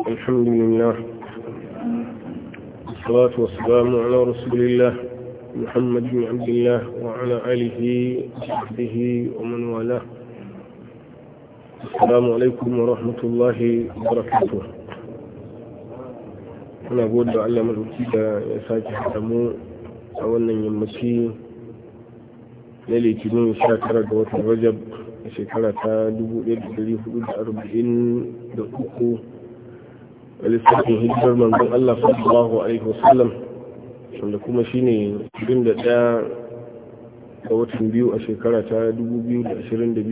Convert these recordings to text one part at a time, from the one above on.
الحمد لله والصلاة والسلام على رسول الله محمد بن عبد الله وعلى آله وصحبه ومن والاه السلام عليكم ورحمة الله وبركاته أنا أقول لعل من أتيت يساك حرمو أولا يمشي ليلة جنون شاكرة دوات الرجب shekara ta 1443 a lissafin hijirar manzon Allah sallallahu alaihi wasallam wanda kuma shine da 21 ga watan biyu a shekara ta 2022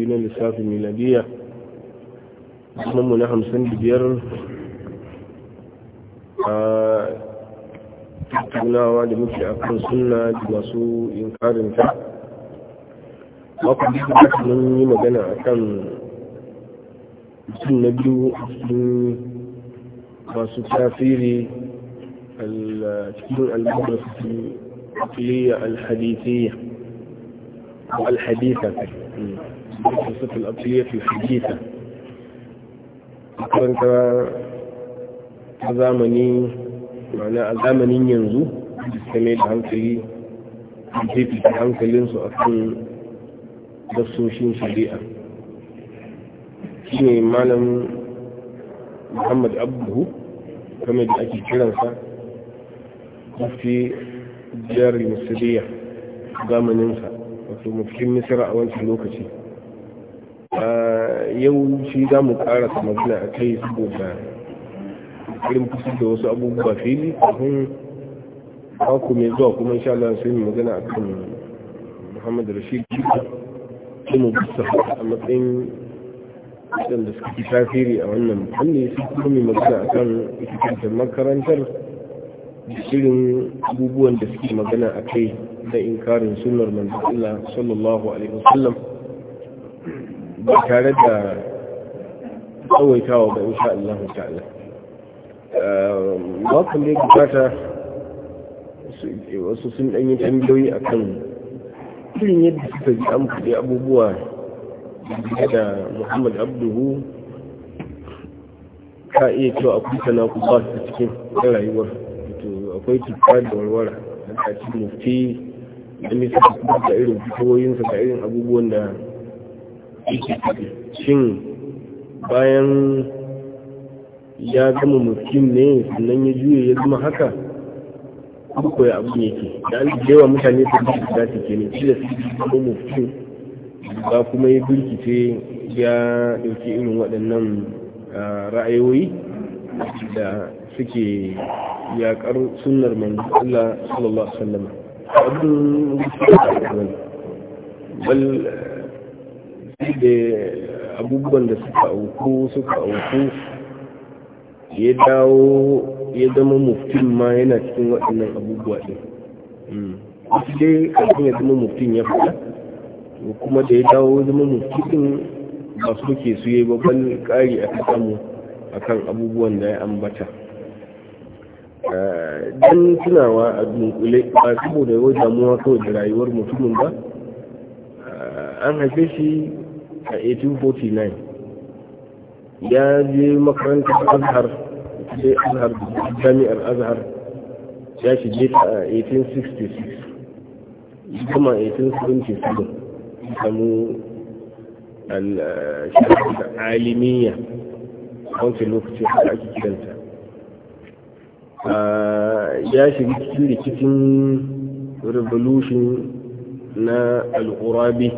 na lissafin miladiya kuma mu na biyar a tattunawa da muke a kan sunna da masu inkarinta makon da mun yi magana a kan sun na biyu a cikin masu tasiri cikin al العقلية الحديثية والحديثة المدرسة العقلية الحديثة أقرنك أزامني معنى أزامني ينزو بسكمي العنكلي بجيب العنكلين سأكون دسوشين شريئة شيني معلم محمد أبوه kamar da ake kiransa mufti jihar misiriya zamaninsa wato mafi misira a wancan lokaci yau shi za mu karasa magana a kai saboda irin fusi da wasu abubuwa fili kafin haku mai zuwa kuma insha Allah sai mu magana akan Muhammad Rashid Jika sai mu bisa a matsayin waɗanda suka fi tasiri a wannan ya sun kuma mai magana a kan ikikantar makarantar irin abubuwan da suke magana a kai na inkarin sunar manzan sallallahu alaihi wasallam ba tare da tsawaitawa ba insha Allah ta'ala ba da ya gabata wasu sun ɗanyi tambayoyi a kan irin yadda suka ji amfani abubuwa da muhammad abduhu ka iya cewa akwai sana ba su cikin rayuwar akwai cuta da warwara a cikin mufti da nisa kuma da irin fitowoyinsa da irin abubuwan da yake ciki shin bayan ya zama mufti ne sannan ya juya ya zama haka kuma ya abu yake da an jewa mutane su da su ke ne shi da su zama ba kuma ya birkice ya dauki irin waɗannan ra'ayoyi da suke yaƙar sunnar manzo Allah sallallahu alaihi wasallam abin bal da abubuwan da suka auku suka auku ya dawo ya zama muftin ma yana cikin waɗannan abubuwa ɗin hmm. wasu dai ƙarfin ya zama muftin ya fada, kuma da ya dawo zama mu ba su ke su yi babban ƙari a kasamu a kan abubuwan da ya ambata eh, don tunawa a dunkule ba saboda yawon damuwa kawai da rayuwar mutumin ba eh, an haife shi a 1849 ya je makarantar azhar sai azhar jami'ar azhar ya shige ta a 1866 kuma 1877 samu eh, shafin alimiyya a wancan lokacin haka ake kiranta eh, ya shiga cikin rikicin revolution na al'urabi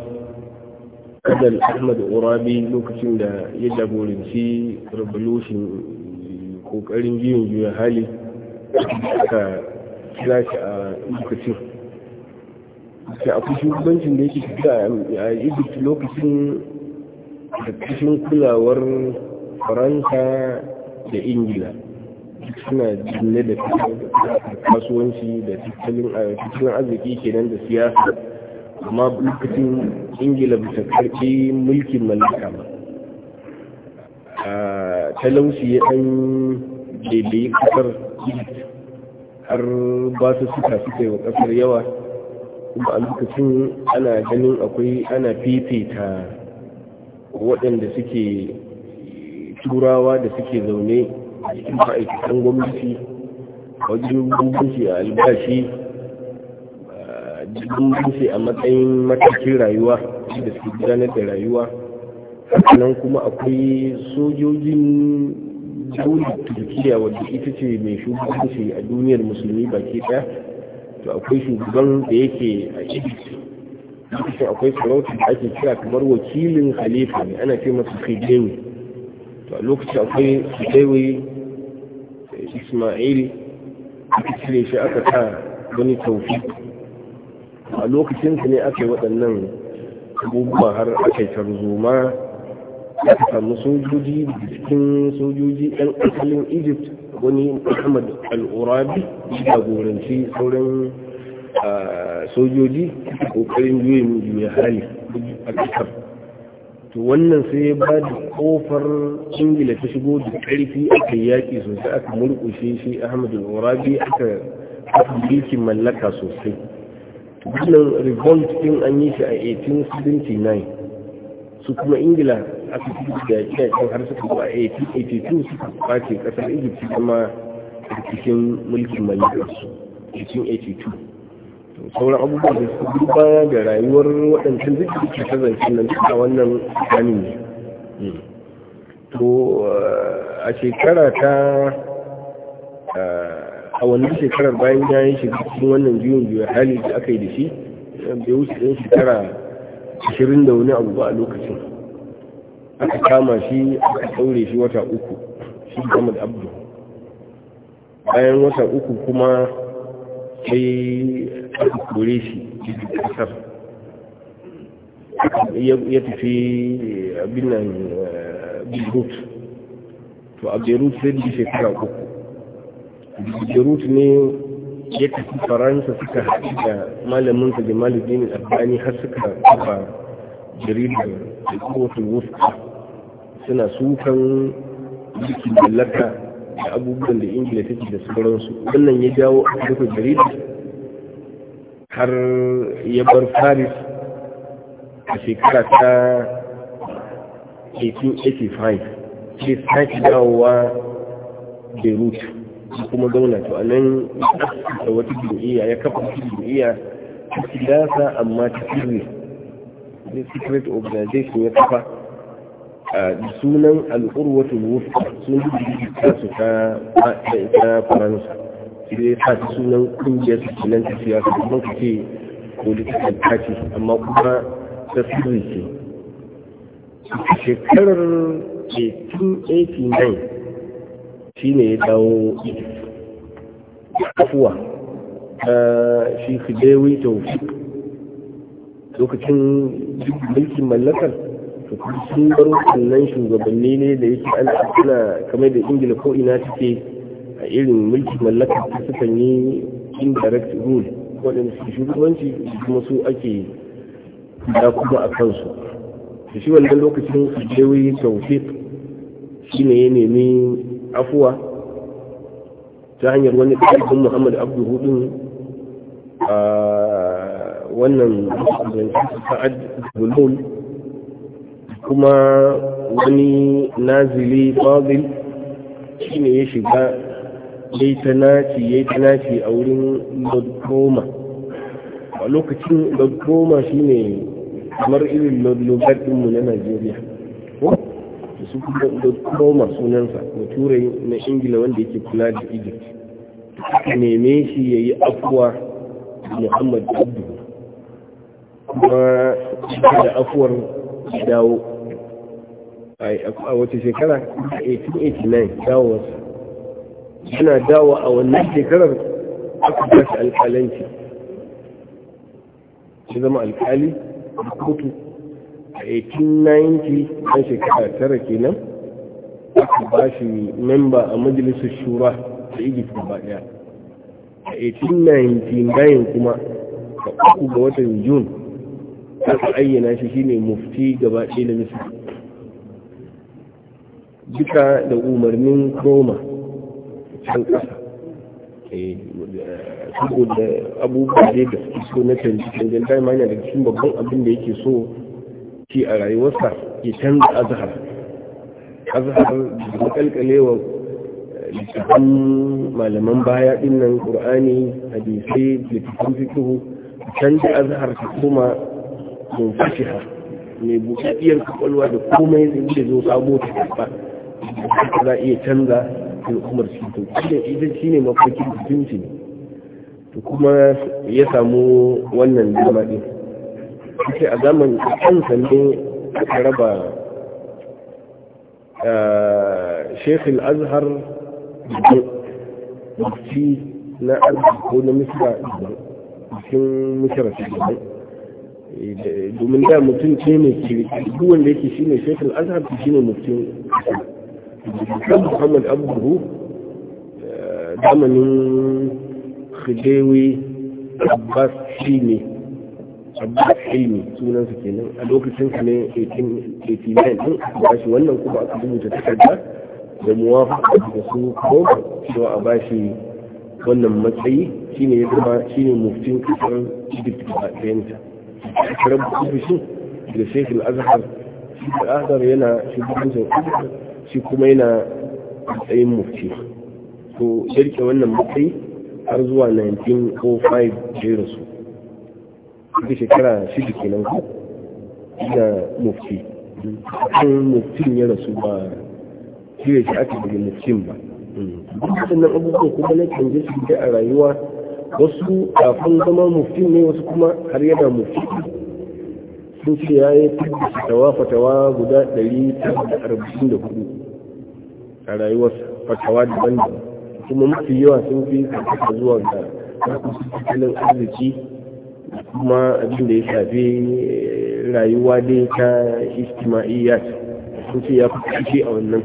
adal ahmad urabi lokacin da ya jagoranci revolution kokarin biyun juya hali aka kira shi a lokacin a akwai shugabancin da yake tafiya a egypt lokacin da kulawar faransa da ingila suna jinne da kasuwanci da tattalin arziki kenan da siyasa amma lokacin ingila bisa karfi mulkin mallaka ba a talausi ya ɗan daidai kasar har ba su suka suka yi wa kasar yawa kuma a lokacin ana ganin akwai ana fifita waɗanda suke turawa da suke zaune a cikin ma'aikatan gwamnati wajen bambanci a albashi bambanci a matsayin matakin rayuwa da suke gudanar da rayuwa sannan kuma akwai sojojin daular turkiya wadda ita ce mai shugabanci a duniyar musulmi baki ɗaya to akwai shugaban da yake a egypt lokacin akwai sarauta da ake kira kamar wakilin halifa ne ana ce masa khidewi to a lokacin akwai kai ismail aka cire shi aka sa wani taufi a lokacinsa ne aka yi waɗannan abubuwa har aka yi tarzoma aka samu sojoji cikin sojoji ɗan asalin egypt wani muhammad al'urabi da goranci sauran sojoji ƙoƙarin juyin juya hali a ƙasar to wannan sai ba da ƙofar ingila ta shigo da ƙarfi aka yaƙi sosai aka murƙushe shi ahmad al'urabi aka mulkin mallaka sosai wannan revolt ɗin an yi shi a 1879 su kuma ingila asibiti da yaƙi har suka zuwa 1882 suka kwace kasar egypt kuma rikicin mulkin malikarsu 1882 sauran abubuwa da suka duba da rayuwar waɗancan duk da ke zancen nan a wannan kanin ne hmm. to a shekara ta a wannan shekarar bayan ya yi shiga cikin wannan juyin juya hali da aka yi da shi bai wuce ɗan shekara ashirin da wani abu ba a lokacin aka kama shi aka daure shi wata uku shi Muhammad Abdu bayan wata uku kuma sai aka kore shi cikin kasar ya tafi abin nan eh, Beirut to a Beirut sai da shekara uku Beirut ne ya tafi Faransa suka haɗu da malamin sa Jamaluddin Albani har suka kafa jaridar al'ummar wuska suna sukan mulkin mallaka da abubuwan da ingila take da sauransu wannan ya jawo a rufe jaridar har ya bar paris a shekara ta 1885 ke sake dawowa beirut kuma zauna to anan nan ya kafa wata jam'iyya ya kafa wata jam'iyya ta amma ta sirri secret organization ya kafa a sunan al'urwatul wufa sun yi kansu ta faransa sai dai ta sunan kungiyar su nan ta siyasa kuma ka ce political party amma kuma ta sirri ce shekarar 1889 shi ne ya dawo ta shi fidewi tawfiq lokacin mulkin mallakar to sun baro shugabanni ne da yake an suna kamar da ingila ko ina take a irin mulki mallakar ta sukan yi indirect rule waɗanda su shugabanci kuma su ake da kuma a kansu da shi wannan lokacin su jewi tawfiq shi ne ya nemi afuwa ta hanyar wani ɗalibin muhammad abdu hudun a wannan sa'ad bulun kuma wani nazili fadil shi ne ya shiga ya yi ta naci ya yi ta naci a wurin lord a lokacin lord shine shi ne kamar irin lord ɗinmu na najeriya da su kuma lord sunansa. sunansa turai na ingila wanda yake kula da egypt neme shi ya yi afuwa muhammad abdu kuma da afuwar ya dawo a wata shekara 1889 dawowarsa yana dawo a wannan shekarar aka ba shi alƙalanci shi zama alkali da kotu a 1890 ɗan shekara tara kenan aka ba shi memba a majalisar shura da egypt gaba daya a 1899 kuma a uku ga watan june aka ayyana shi shine mufti gaba ɗaya na misir duka da umarnin roma can ƙasa eh, saboda abubuwa da da so na canji canjin dama yana da cikin babban abin da yake so shi a rayuwarsa ya canza azahar azahar da kalkalewa eh, littafin malaman baya dinnan qur'ani hadisai littafin fiqh canza azhar ta koma. munfashiha mai buɗaɗɗiyar kwakwalwa da komai zai zo sabo ta karɓa za a iya canza al'ummar su to kuma ita shi ne mafarkin mutunci to kuma ya samu wannan dama ɗin sai a zaman kan sanne aka raba shekh al-azhar da mufti na arziki ko na misra cikin misra cikin domin da mutum ce ne ke duk wanda yake shi ne shekul azhar shi ne mutum kan muhammad abubuwa eh, zamanin khidewi abbas shi ne abbas ilmi sunansa kenan a lokacin sa ne 1889 din ba shi wannan kuma aka rubuta takarda da muwafaka da su ko cewa a bashi wannan matsayi shine ya zama shine muftin kasar egypt ba ɗayanta karam ofishin da sheikh al-azhar shi al-azhar yana shugaban bugun shi kuma yana matsayin mufti to shirke wannan matsayi har zuwa 1905 da rasu duk shekara shida kenan ku ina mufti kan muftin ya rasu ba shirya shi ake daga muftin ba duk abubuwa abubuwan kuma na canje su a rayuwa wasu kafin zama mufti ne wasu kuma har yana mufti sun ce ya yi tabbata fatawa fatawa guda 144 a rayuwar fatawa daban da kuma mafi yawa sun fi karkata zuwa ga tattalin arziki kuma abin da ya shafi eh, rayuwa dai ta istima'iyya sun ce ya fi kashe a wannan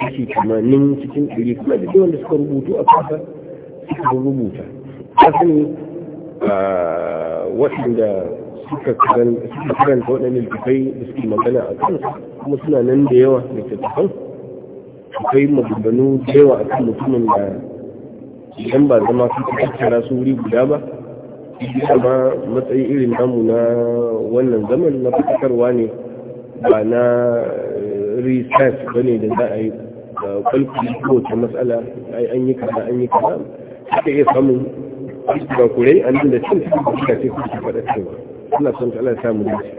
kashi 80 cikin 100 kuma da wanda suka rubutu a kasa suka rubuta asali ah, waɗanda suka karanta waɗanda littafai da suke magana a kan kuma suna nan da yawa littattafan akwai maganganu da yawa a kan mutumin da idan ba zama su ta tattara su wuri guda ba Idan ba matsayi irin namu na wannan zaman na fitakarwa ne ba na eh, research ba ne da za a yi kwalfi ta matsala an yi kaza an yi kaza suka iya samun ba kurai a nan da cin da ce kuke faɗa cewa suna son ta Allah samu dace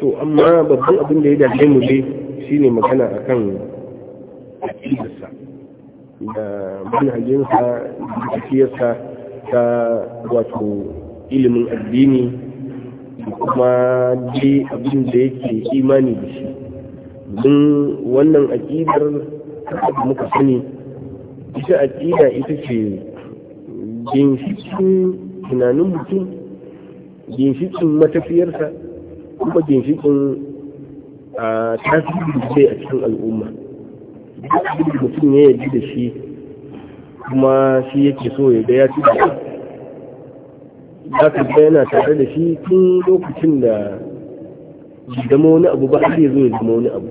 to amma babban abin da ya dace mu dai shine magana akan cikinsa da manhajinsa da tafiyarsa ta wato ilimin addini da kuma dai abin da yake imani da shi don wannan aƙidar da muka sani ita aƙida ita ce ginshikin tunanin mutum ginshikin matafiyarsa kuma ginshikin a tasirin zai a cikin al'umma duk mutum ya yaji da shi kuma shi yake so ya ga ya ci da za ka yana tare da shi tun lokacin da zama wani abu ba har ya zo ya zama wani abu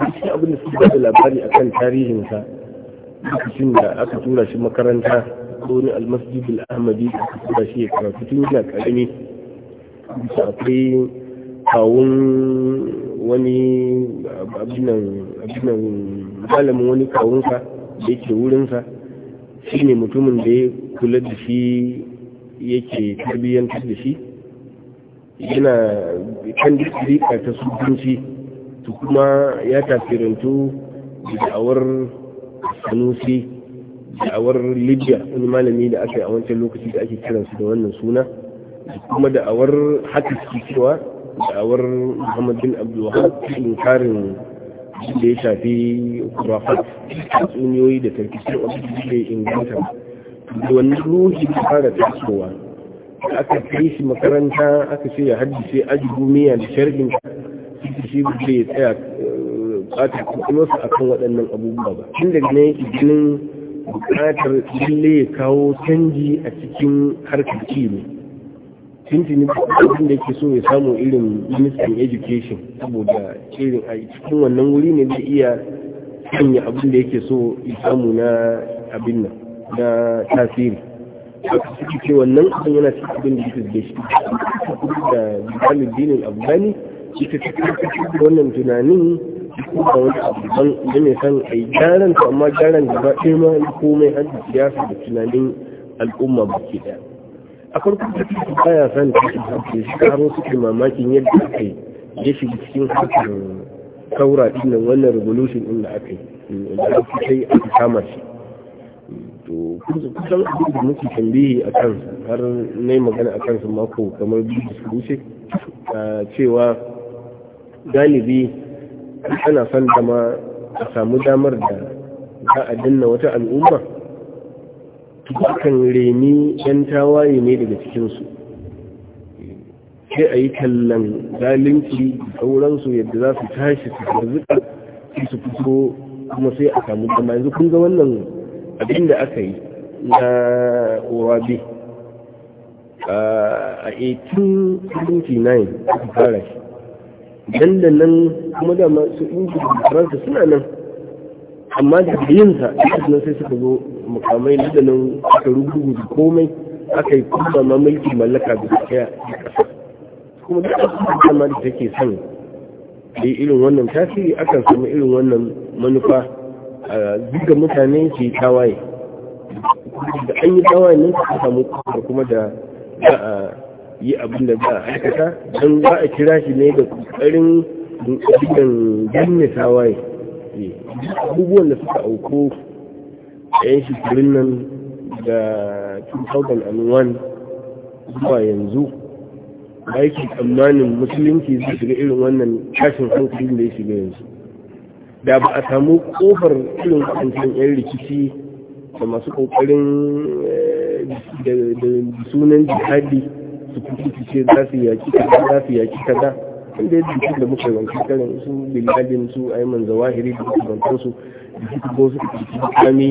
cikin abin da suke da labari akan tarihinsa lokacin da aka tura shi makaranta wani almasjid al'ahmadi da shi ya karatu tun yana karami akwai kawun wani abinan malamin wani kawunsa da yake wurinsa shi ne mutumin da ya kula da shi yake tarbiyyantar da shi yana kan rika ta sukunci to kuma ya tasirantu da awar sanusi da'awar libya wani malami da aka yi a wancan lokaci da ake kiransu da wannan suna kuma da'awar haka suke cewa da'awar muhammad bin abdulwahab inkarin da ya shafi kurafat tsuniyoyi da tarkishin abin da ya inganta da wani ruhi da fara tasowa aka kai shi makaranta aka ce ya haddace aji gumiya da sharhin shi da ya tsaya bata kuma su akan waɗannan abubuwa ba tun daga ne yake ginin bukatar lalle ya kawo canji a cikin harkar cinti ne abin da ke so ya samu irin ministan education saboda irin a cikin wannan wuri ne zai iya sanya abin da yake so ya samu na abin nan na tasiri a cikin ce wannan abin yana cikin abin da yake da shi da bibalin dinin afghani ita ta wannan tunanin da wani abu ban da mai san a yi gyaran ta amma gyaran da ba ɗaya ma komai an da siyasa da tunanin al'umma ba ke ɗaya a farko da su baya san da su hafi shi karo suke mamakin yadda aka yi ya shiga cikin harkar saura ɗin nan wannan revolution ɗin da aka yi da aka kai aka kama shi to kusan abin da muke tambihi a kansa har na yi magana a kansa mako kamar biyu da su wuce cewa galibi ana son dama a samu damar da za a danna wata al'umma kan reni 'yan tawaye ne daga cikinsu sai a yi kallon zalunci sauransu yadda za su tashi su harzuka su fito kuma sai a samu dama yanzu kun ga wannan abin da aka yi na bi. a 1839 a fara shi nan, kuma da masu inji faransa suna nan amma da yinsa nan sai suka zo mukamai da nan aka rubutu da komai aka yi kuma ma mulki mallaka da kaya kuma da aka ma da take son da irin wannan tasiri akan samu irin wannan manufa a duka mutane su yi tawaye da an yi tawaye nan su samu kuma da yi abin da za a aikata don za a kira shi ne da ƙoƙarin dukkan danne tawaye eh, abubuwan da suka auko a yan shekarun nan da 2001 zuwa yanzu ba yake tsammanin musulunci zai shiga irin wannan kashin hankali da ya shiga yanzu da ba a samu kofar irin kwanciyar yan rikici da masu ƙoƙarin eh, da sunan jihadi su fito ce za su yaki kaza za su yaki kaza inda yadda jikin da muka yi wanki karin su bilalin su aiman zawahiri da su bantan su da su ko su fito kami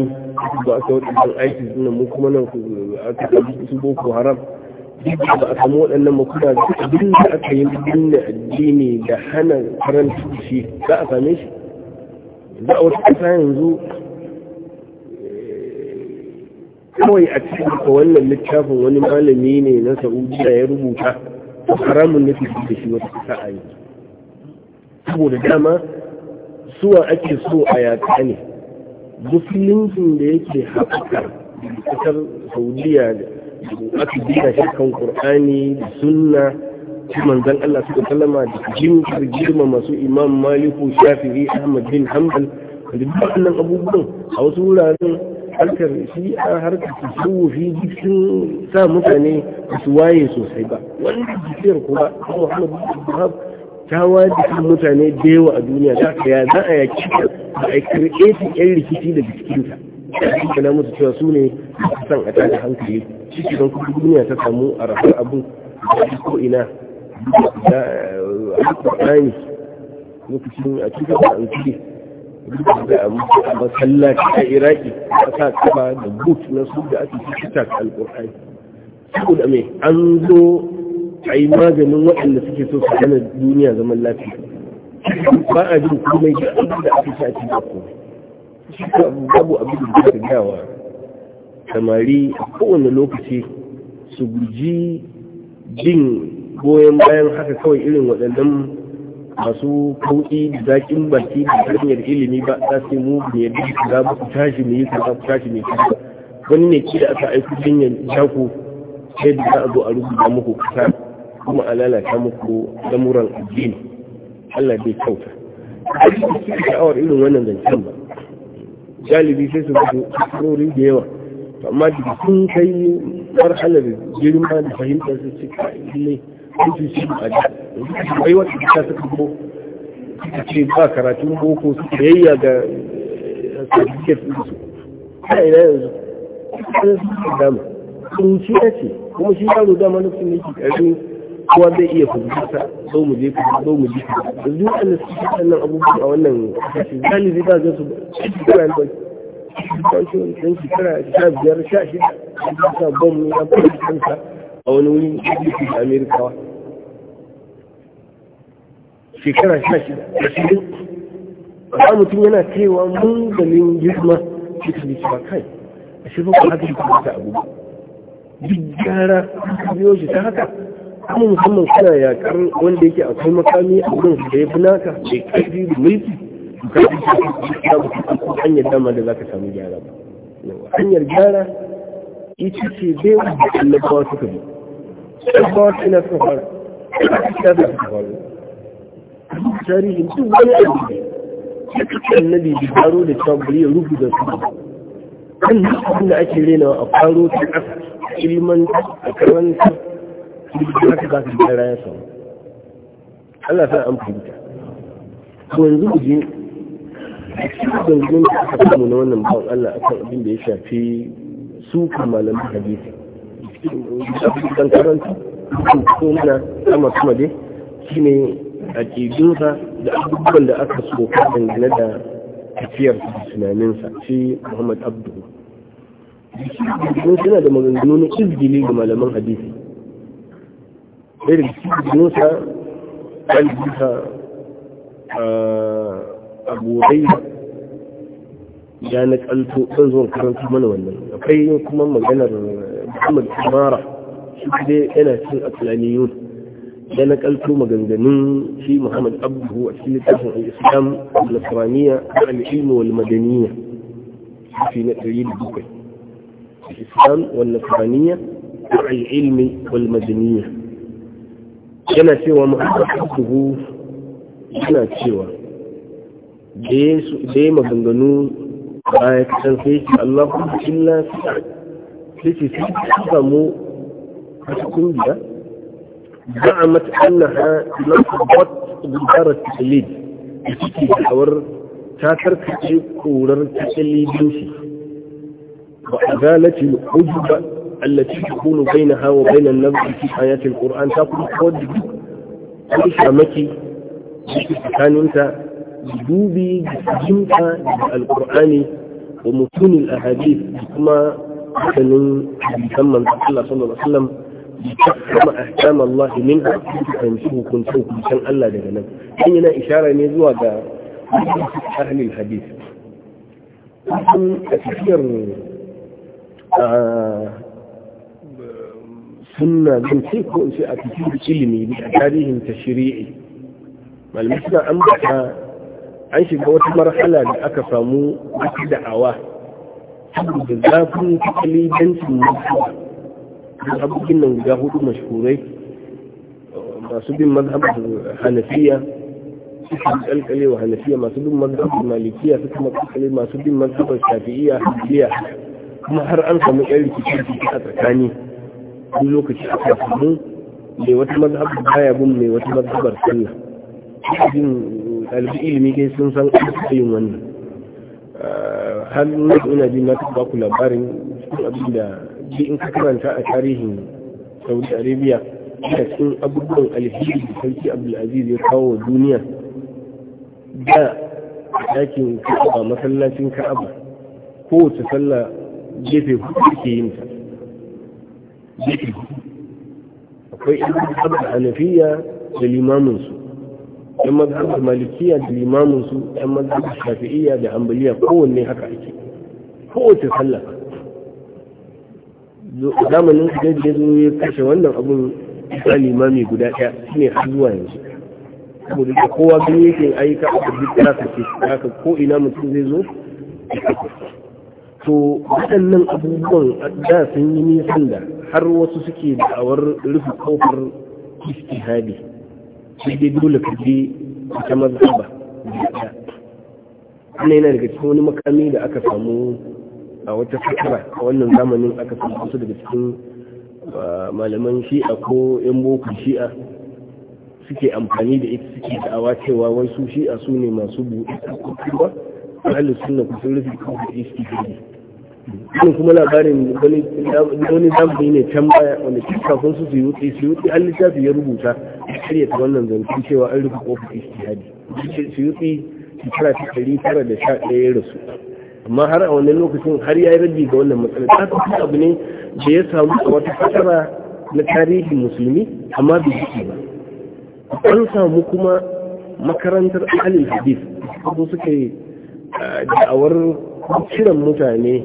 ba aka waɗannan aiki suna mu kuma nan aka ɗauki su boko haram duk ba a samu waɗannan ba kuma abin da aka yi binne addini da hana karanta shi za a same shi za a wata ƙasa yanzu kawai a cikin wannan littafin wani malami ne na saudiya ya rubuta haramun nufi da shi wata kusa a yi saboda dama suwa ake so a yaka ne musuluncin da yake haɓaka kasar saudiya da aka gina shi kan ƙur'ani da sunna shi manzan Allah suka kalama da jimkar girma masu imam maliku shafi'i ahmad bin hanbal da duk waɗannan abubuwan a wasu wuraren harkar shi a harkar fi sun sa mutane ba su waye sosai ba wanda jikiyar kuma muhammadu buhab ta su mutane da yawa a duniya za ka za a yaki da a su yan rikici da jikinta da kana musu cewa su ne san a tada hankali shi don kuma duniya ta samu a rafar abu da ko ina da a lokacin a cikin da an da abinci a masallaci a iraki a sa kama da but na su da ake fita ta alƙur'ani saboda mai an zo a yi maganin waɗanda suke so su hana duniya zaman lafiya ba a jin komai da abin da ake sa ci ba shi ka babu abin da ta gawa samari a kowane lokaci su guji jin goyon bayan haka kawai irin waɗannan masu kauki da zaƙin baki da tarbiyyar ilimi ba za su mu da yadda za ku tashi mu yi kaza ku tashi mai yi wani ne ki da aka aiki jinyar jaku sai da za a zo a rubuta muku kasa kuma a lalata muku lamuran addini Allah bai kauta a cikin sha'awar irin wannan zancen ba galibi sai su fito tsarori da yawa amma da sun kai marhalar girma da fahimtar su cika ilai sun fi shi a jihar wai wata ta suka zo suka ce ba karatun boko su yayya ga certificate din su ta ina yanzu Kuma sun suka dama sun ci ya ce kuma shi yaro dama nufin ne ke ƙarfin kowa zai iya fahimta zo mu je kuma zo mu je kuma yanzu waɗanda su ci wannan abubuwan a wannan kasashe zai ba zai su ba su kira ne ba kwanciyar sun shekara sha biyar sha shida a bom ya fara kansa a wani wurin da amerikawa shekara sha shida ashirin ba mutum yana cewa mun ganin girma cikin ta cewa kai a shi ko haka shi kuma ta abu duk gyara biyo shi ta haka amma musamman suna yakar wanda yake akwai makami a wurin da ya fi naka da karfi da mulki da fi ta mutum hanyar dama da za ka samu gyara ba hanyar gyara ita ce bai wanda annabawa suka bi annabawa suna suka fara suka fara tarihin duk wani abu da kake annabi bi faro da cewa bari ya rubuta su kan abin da ake rena a faro ta ƙasa ilman a karanta duk haka za su gyara ya samu Allah sa an fahimta yanzu ku je a cikin gudun da aka samu na wannan bawan Allah akan abin da ya shafi su kamalan hadisi kan karanta kan kuma sama kuma dai shine aƙidunsa da abubuwan da aka so gane da tafiyar tunaninsa shi muhammad abdu mun da maganganu na izgili ga malaman hadisi ɗaya da cikinsa ɗalibinsa ah, abu rai ya na ƙalto ɗan zuwan karanta mana wannan akwai kuma maganar muhammad kamara shi dai yana cin atlaniyun da na kalto maganganun shi muhammad abu a cikin littafin al'islam al-nasraniya al-ilmu wal madaniya shi na ɗari da bakwai al-islam wal nasraniya al-ilmi wal madaniya yana cewa muhammad abu yana cewa da ya maganganu baya kasan sai ce Allah kuma illa sai ce sai samu wata kungiya زعمت أنها لقبت بدار التقليد تكي تحور تاتر كورر تقليدوشي وعدالة الحجب التي تكون بينها وبين النبي في حياة القرآن تقول قد أيش أمكي كان أنت بدوبي بسجمك القرآن ومتون الأحاديث كما كان يسمى الله صلى الله عليه وسلم kama ahkam Allah min fahimci hukuncin hukuncin Allah daga nan kan yana ishara ne zuwa ga ahlul hadith sun a cikin sunna zan ce ko in ce a cikin ilimi a tarihin tashri'i malamai suna ambata an shiga wata marhala da aka samu wata da'awa saboda zafin kalibancin mutuwa mazhabobin nan guda hudu mashhurai masu bin mazhabar hanafiya suka kalkale wa hanafiya masu bin mazhabar malikiya suka kalkale masu bin mazhabar shafi'iya hanafiya kuma har an samu yan rikici a tsakani duk lokaci aka samu mai wata mazhabar baya bin mai wata mazhabar sallah jin ɗalibi ilimi dai sun san yin wannan har ina jin na taɓa labarin cikin abin da ji in ka karanta a tarihin saudi arabia da cikin abubuwan alheri da sarki abdulaziz ya kawo wa duniya da ɗakin ka'aba masallacin ka'aba kowace sallah gefe hudu ke yin ta gefe akwai yan mazhabar hanafiya da limaminsu yan da malikiya da limaminsu yan da shafi'iyya da ambaliya kowanne haka ake kowace sallah zamanin su da zo ya kashe wannan abun ta limami guda ɗaya ne har zuwa yanzu saboda da kowa gani yake ayyuka a ta ƙasa ce haka ko ina mutum zai zo to waɗannan abubuwan da sun yi nisan da har wasu suke da'awar rufe kofar istihadi sai dai dole ka je ta mazhaba ana yana daga cikin wani makami da aka samu a wata fatara a wannan zamanin aka samu wasu daga cikin ah, malaman shi'a ko yan boko shi'a suke amfani da ita suke da'awa cewa wai su shi'a su ne masu buɗe kuma ahalin sunna kusan rufe kuma iski gari. wani kuma labarin wani zamani ne can baya wanda kafin su su yi su yi an littafi ya rubuta shirya ta wannan zancen cewa an rufe kofar istihadi su yi shekara ta ɗari tara da sha ɗaya ya rasu amma har a wannan lokacin har ya yi rage ga wannan matsalar ta kuma abu ne da ya samu a wata fasara na tarihin musulmi amma bai jiki ba an samu kuma makarantar alil hadis kuma suka yi da'awar kiran mutane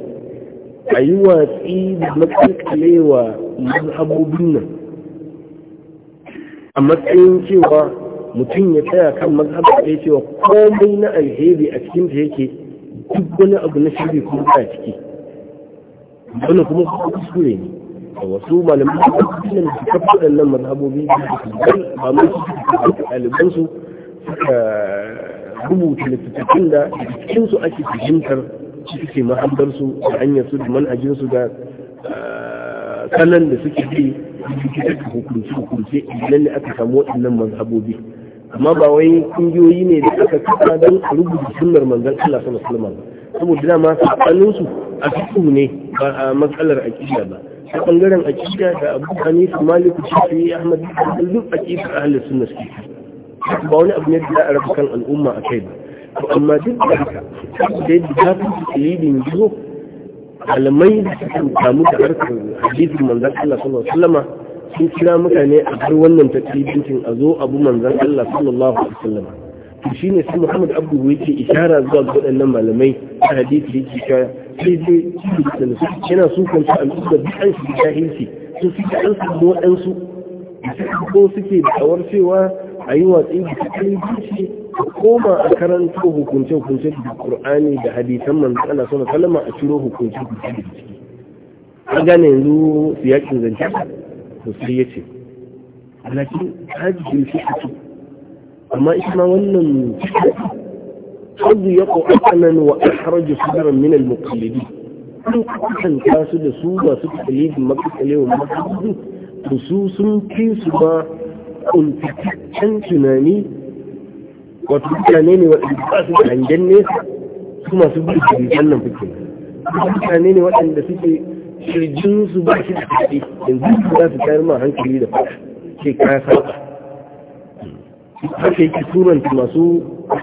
a yi watsi da makalkalewa mazhabobin nan a matsayin cewa mutum ya tsaya kan mazhabin ya cewa komai na alheri a cikin da yake duk wani abu na shirya kuma ba ciki wani kuma kuskure ne a wasu malamai da kusurin da suka kafa nan mazhabobi da kusurin ba mai su suka da ɗalibansu suka rubuta littattafin da su ake fahimtar suke su da hanyar su da manhajinsu da ah, salon da suke bi da hukunce hukunce idan ne aka samu waɗannan mazhabobi amma ba wai kungiyoyi ne da aka kasa don a rubuta sunnar manzon Allah sama alaihi ba. saboda dama tsakanin su a fitu ne ba a matsalar akida ba ta bangaren akida da Abu Hanifa Malik Shafi'i Ahmad duk aqida ahlus sunna suke ba wani abu ne da a rabu kan al'umma a kai ba to amma duk da haka da yadda ta fi tilibin jiho alamai da suka samu da harkar hadisin manzon Allah sama alaihi sun kira mutane a har wannan tattalin a zo abu manzan Allah sallallahu alaihi wasallam to shine sai Muhammad Abdu yake ishara zuwa ga waɗannan malamai a hadisi yake cewa sai dai cikin da yana su kanta al'umma da an shi jahilci sun fi an samu waɗansu ko suke da'awar cewa a yi watsi da cikin jinsi a koma a karanta hukunce-hukunce da Qur'ani da hadisan manzan Allah sallallahu alaihi wasallam a ciro hukunce-hukunce da ciki a gane yanzu yakin zance to sai ya ce alakin hajjin fi'atu amma ita wannan hajji ya ko akanan wa akhraju sadran min al-muqallidin an kasanta su da su ba su kalibin makasalewa makasalewa to su sun fi su ba kuntataccen tunani wato mutane ne waɗanda ba su hangen nesa su masu bin jirgin nan fuke mutane ne waɗanda suke kirjinsu ba shi da kaɗe yanzu za su tayar ma hankali da faɗa ce kaya saba haka yake turanta masu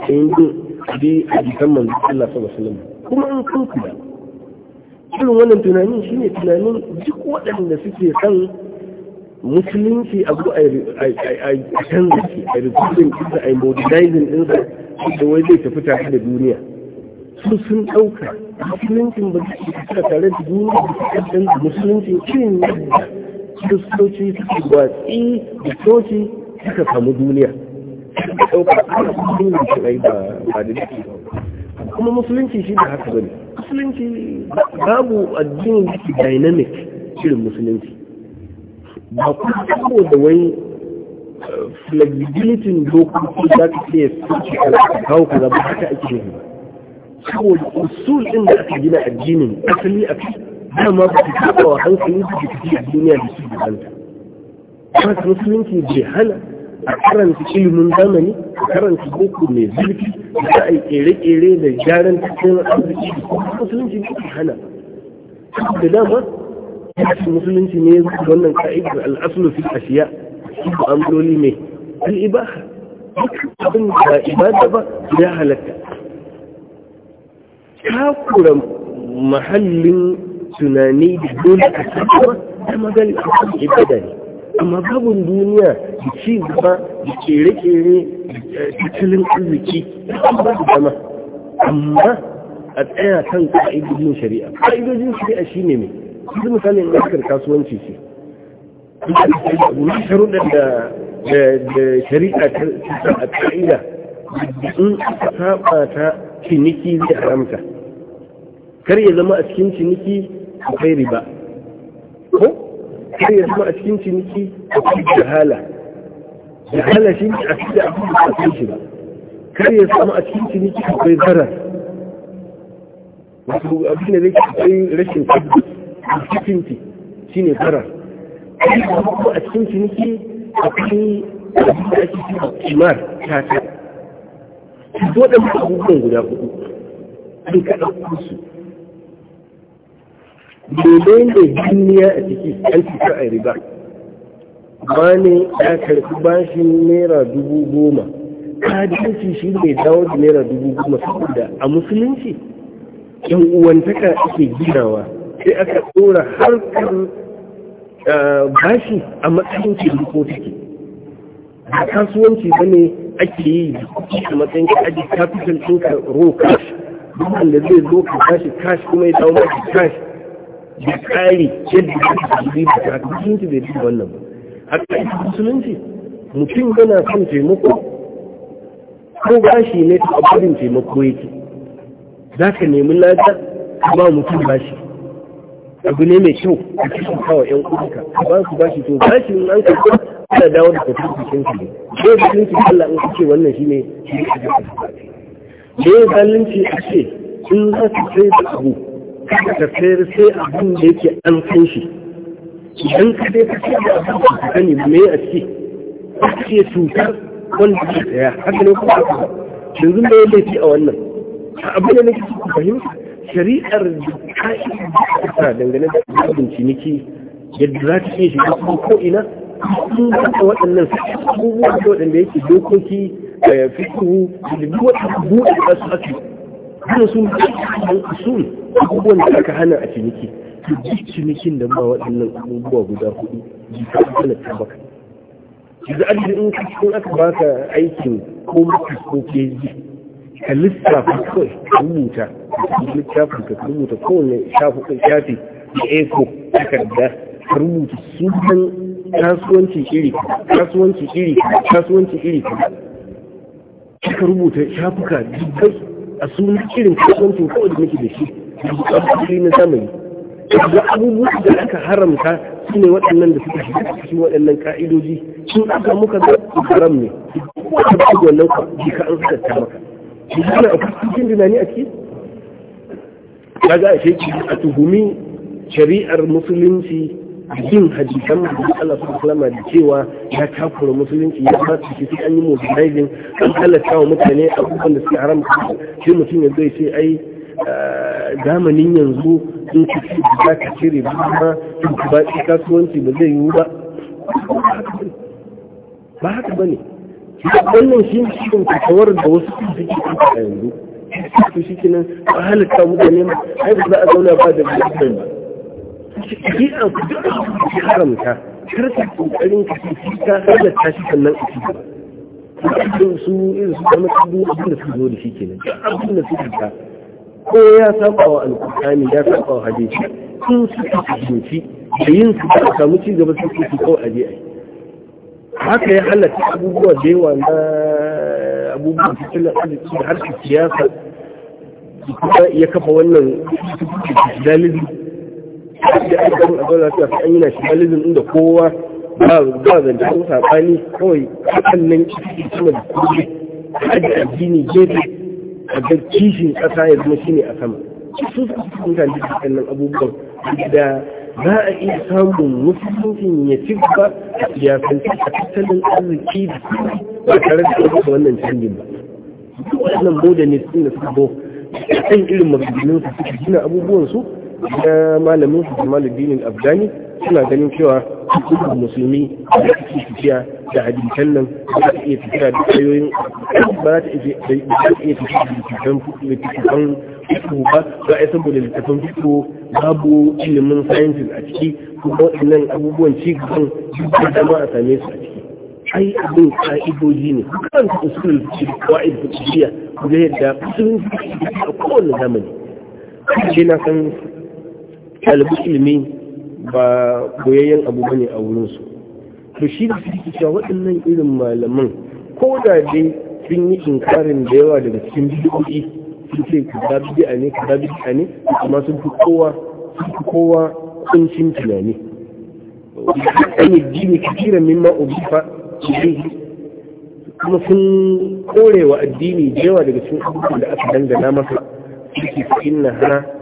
yin a jikan manzo Allah sallallahu alaihi wasallam kuma an kan kula irin wannan tunanin shine tunanin duk waɗanda suke son musulunci abu a canza shi a rikudin ɗinsa a yi modernizing ɗinsa da wai zai tafi tafi da duniya sun ɗauka musuluncin ba su tafiya tare da duniya da su ɗan da musuluncin irin yadda kiristoci suke watsi da coci suka samu duniya ɗauka ana cikin yankirai ba ba da jiki ba kuma musulunci shi da haka bane musulunci babu addinin da ke dynamic shirin musulunci ba kuma da wai eh, flexibility dokoki za ka iya sauke kawo ka ba haka ake yi ba saboda usul ɗin da aka gina addinin asali a kai dama ba su taɓa wa hankali su ke tafiya duniya da su da hanta kuma su musulunci bai hana a karanta ilimin zamani a karanta boko mai zurfi da za a yi ƙere-ƙere da gyaran tattalin arziki da kuma musulunci ne ke hana da dama yasin musulunci ne wannan ka'idar al'asulu fil ashiya su amroli mai al'ibaha duk abin da ibada ba ya halatta takura mahallin tunani da dole a cikin ta magani a cikin ibada ne amma babin duniya da ci gaba da kere-kere da tattalin arziki da ba da dama amma a tsaya kan ƙa'idojin shari'a ƙa'idojin shari'a shi ne mai yanzu misali in kasuwanci ce sharuɗar da shari'a ta a ƙa'ida in aka saba ta ciniki zai haramta kar ya zama a cikin ciniki akwai riba ko kar ya zama a cikin ciniki akwai jahala jahala shi ne a cikin abin da akwai shi ba kar ya zama a cikin ciniki akwai zarar wasu abin da zai kai rashin tabbas a cikin shi ne zarar a cikin ciniki akwai abin da ake cewa kimar ta ta waɗanda abubuwan guda hudu an kaɗa su mene ne duniya a ciki an ta a riba ba ne ya karfi bashin naira dubu goma kadanci shi ne dawo da naira dubu goma saboda a musulunci yan uwantaka ake ginawa sai aka tsora harkar eh, bashi a matsayin cikin take a kasuwanci ba ne ake yi a matsayin ka aji capital ka ro cash duk wanda zai zo ka bashi cash kuma ya dawo mafi cash da tsari yadda ya ta samu da ta kuma da ya duka wannan ba A ita musulunci mutum yana son taimako ko bashi ne ta abin taimako yake za ka nemi lada ka ba mutum bashi abu ne mai kyau a cikin kawo yan kuka ka ba su bashi to bashi in an karɓa ana dawo da kafin cikin su ne ko zalunci Allah in kace wannan shi ne shi ne da zalunci a ce in za su sai da abu kada ka sayar sai abin da yake an san shi idan ka dai ka sayar da abin da ka sani me a ciki ka ce cutar wanda ke saya haka ne kuma aka yanzu da ya laifi a wannan abin da nake ku fahimta shari'ar da ka'idar da ta dangane da abin ciniki yadda za ta iya shiga kuma ko ina sun kasa waɗannan abubuwa da waɗanda yake dokoki a eh, fikihu da duk wata buɗe su ake kuma sun yi usul abubuwan da aka hana a ciniki to duk cinikin da ba waɗannan abubuwa guda hudu jika an halatta baka yanzu an in cikin aka baka aikin ko mafi ko keji ka lissafa kawai rubuta littafin ka rubuta kowane shafi da eko takarda ka rubuta sunan kasuwanci iri kasuwanci iri kasuwanci iri ka rubuta shafuka dubbai a sunan irin kasuwancin kawai da muke da shi da kasuwanci na zamani da abubuwan da aka haramta su ne waɗannan da suka shiga cikin waɗannan ka'idoji sun aka muka ga haram ne ko ta ba wannan ka ji ka an saka maka shi ne a cikin tunani a ciki kaga a sheki a tuhumi shari'ar musulunci yin hadisan manzon Allah su alaihi da cewa ya takura musulunci ya ba su sai an yi mobilizing an halatta wa mutane abubuwan da suke haram sai mutum ya zai ce ai zamanin yanzu in ki ci za ka cire ba ma in ki ba ki kasuwanci ba zai yiwu ba ba haka ba ne wannan shi ne cikin kakawar da wasu suke a yanzu su shi kinan a halatta mutane ma ai ba za a zauna ba da biyu ba ɗabi'an ku duk haramta kar ka kokarin shi sannan a ci gaba su irin su zama kudu abin da suka zo da shi kenan abin da suka ta ko ya saba wa alƙur'ani ya saba wa hadisi sun suka fahimci da yin su ta samu ci gaba sun su kawai a je haka ya halatta abubuwa da yawa na abubuwan tattalin arziki da harkar siyasa kuma ya kafa wannan dalilin da aka kan a zauna suna an yi nationalism inda kowa ba ba zancen saɓani kawai hakan nan ciki sama da kuri hajji addini gefe a ga kishin ƙasa ya zama ne a sama su suka fi mutane da waɗannan abubuwan da za a iya samun musulunci ya ci gaba a siyasanci a tattalin arziki da kuma ba tare da ɗaukar wannan canjin ba duk waɗannan modernist ɗin da suka bo ɗan irin maganganun su suka gina abubuwan su na malamin su Jamal Dinin Afghani suna ganin cewa dukkan musulmi da suke tafiya da hadisan nan ba ta iya tafiya da ayoyin ba ta iya tafiya da littattafan littattafan fiƙo ba za a yi saboda littattafan fiƙo babu ilimin sayansis a ciki kuma waɗannan abubuwan ci gaban duk da a same su a ciki ai abin ka'idoji ne kan usulul qawaid fiqhiyya da yadda usulun fiqh a kowane zamani shi na san ɗalibin ilimi ba koyayyen abu ba ne a wurinsu to shi da suke cewa waɗannan irin malaman ko da dai sun yi inkarin da yawa daga cikin bidiyoyi sun ce kaza bidiya ne kaza bidiya ne amma sun fi kowa sun fi kowa kuncin tunani an yi jini min ma ubifa kuma sun korewa addini da yawa daga cikin abubuwan da aka dangana masa suke fi inna hana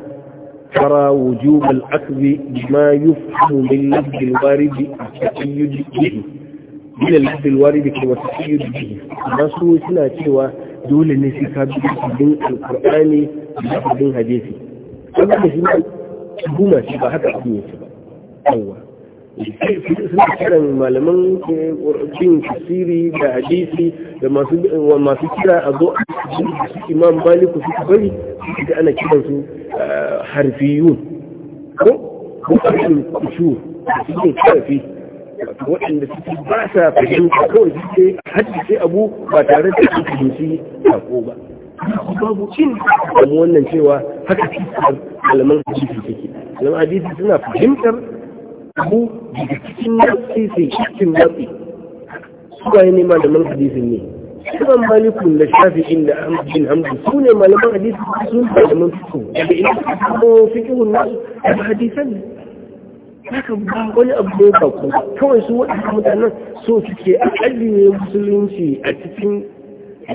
ترى وجوب الأخذ بما يفهم من لفظ الوارد التقيد به من اللفظ الوارد كما تقيد به نصو سنة سوى دول النسي كابل من القرآن من حديثي أما نسي هما سبا حتى أبني سبا أول suna kiran malaman bin eh, tafsiri da hadisi da masu kira a zo imam maliku su bari da ana kiran su eh, harfiyun ko ko asalin kushu suke karfi waɗanda suke ba sa fahimta kawai suke haddace abu ba tare da su fahimci sako ba babu cin samu wannan cewa haka cikin malaman hadisi take malaman hadisi suna fahimtar abu daga cikin nasi sai cikin nasi suwaye ne malaman hadisin ne sukan malikun da shafi'in da bin hamdu su ne malaman hadisin sun malaman fito daga ina ko fikihun nasu da hadisan ne haka ba wani abu ne ba ku kawai su waɗanda mutanen so suke a akalli ne musulunci a cikin